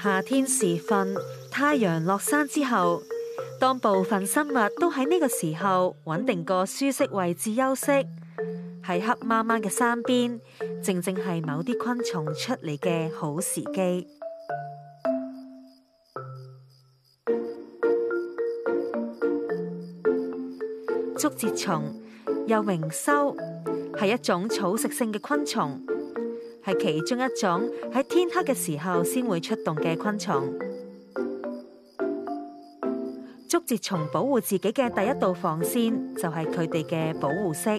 夏天時分，太陽落山之後，當部分生物都喺呢個時候穩定個舒適位置休息，喺黑媽媽嘅山邊，正正係某啲昆蟲出嚟嘅好時機。竹節蟲又名䗛，係一種草食性嘅昆蟲。係其中一種喺天黑嘅時候先會出動嘅昆蟲。竹節蟲保護自己嘅第一道防線就係佢哋嘅保護色，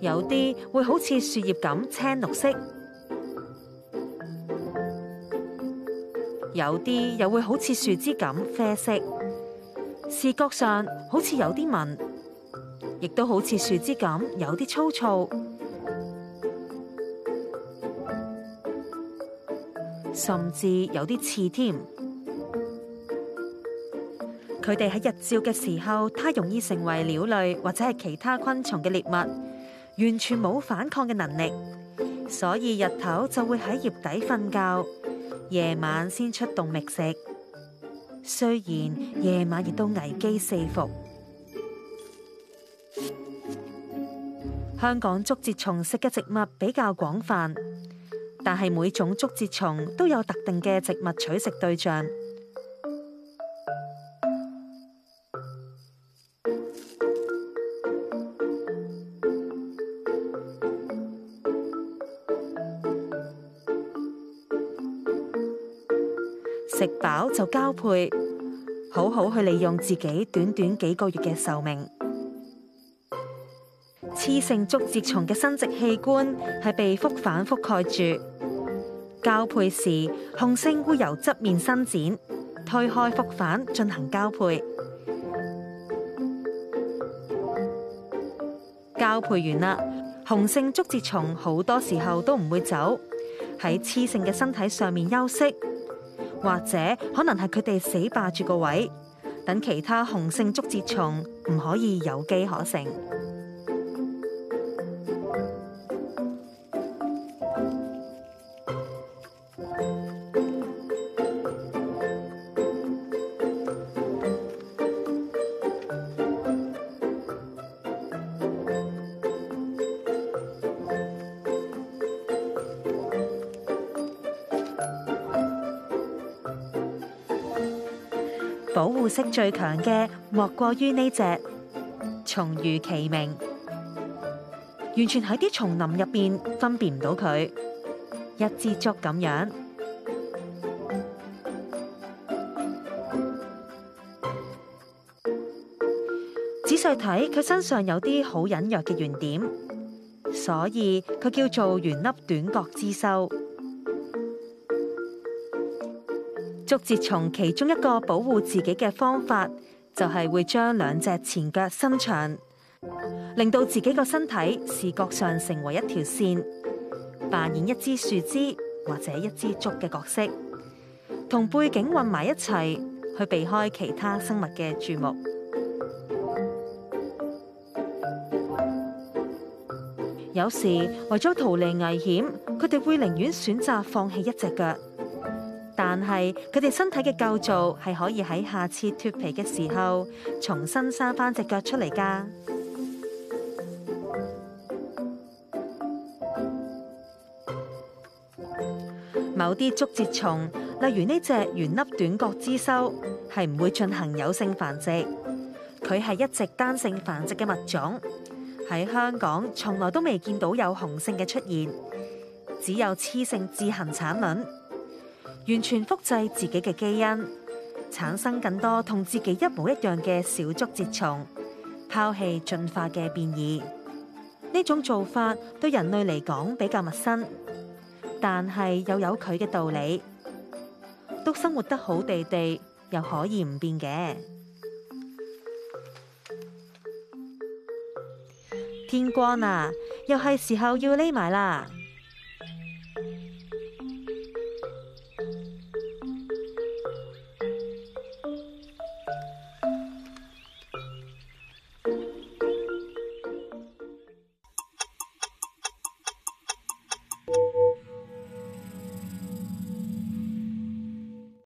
有啲會好似樹葉咁青綠色，有啲又會好似樹枝咁啡色。視覺上好似有啲紋，亦都好似樹枝咁有啲粗糙。甚至有啲刺添。佢哋喺日照嘅時候，太容易成為鳥類或者係其他昆蟲嘅獵物，完全冇反抗嘅能力，所以日頭就會喺葉底瞓覺，夜晚先出動覓食。雖然夜晚亦都危機四伏，香港竹節蟲食嘅植物比較廣泛。但係每種竹節蟲都有特定嘅植物取食對象，食飽就交配，好好去利用自己短短幾個月嘅壽命。雌性竹節蟲嘅生殖器官係被腹反覆蓋住，交配時雄性會由側面伸展推開腹反進行交配。交配完啦，雄性竹節蟲好多時候都唔會走，喺雌性嘅身體上面休息，或者可能係佢哋死霸住個位，等其他雄性竹節蟲唔可以有機可乘。保護色最強嘅，莫過於呢隻，蟲如其名，完全喺啲叢林入邊分辨唔到佢，一枝竹咁樣。仔細睇，佢身上有啲好隱約嘅圓點，所以佢叫做圓粒短角枝䗛。竹節蟲其中一個保護自己嘅方法，就係會將兩隻前腳伸長，令到自己個身體視覺上成為一條線，扮演一支樹枝或者一支竹嘅角色，同背景混埋一齊去避開其他生物嘅注目。有時為咗逃離危險，佢哋會寧願選擇放棄一隻腳。但係佢哋身體嘅構造係可以喺下次脫皮嘅時候重新生翻隻腳出嚟㗎。某啲竹節蟲，例如呢隻圓粒短角枝䗛，係唔會進行有性繁殖，佢係一直單性繁殖嘅物種。喺香港從來都未見到有雄性嘅出現，只有雌性自行產卵。完全複製自己嘅基因，產生更多同自己一模一樣嘅小竹節蟲，拋棄進化嘅變異。呢種做法對人類嚟講比較陌生，但係又有佢嘅道理。都生活得好地地，又可以唔變嘅。天光啦，又係時候要匿埋啦。